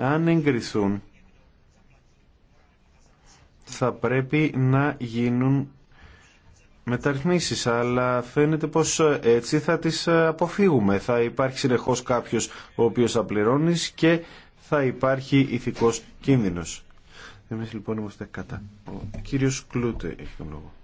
αν εγκριθούν θα πρέπει να γίνουν μεταρρυθμίσεις, αλλά φαίνεται πως έτσι θα τις αποφύγουμε. Θα υπάρχει συνεχώς κάποιος ο οποίος θα πληρώνει και θα υπάρχει ηθικός κίνδυνος. Εμείς λοιπόν είμαστε κατά. Ο κύριος Κλούτε έχει τον λόγο.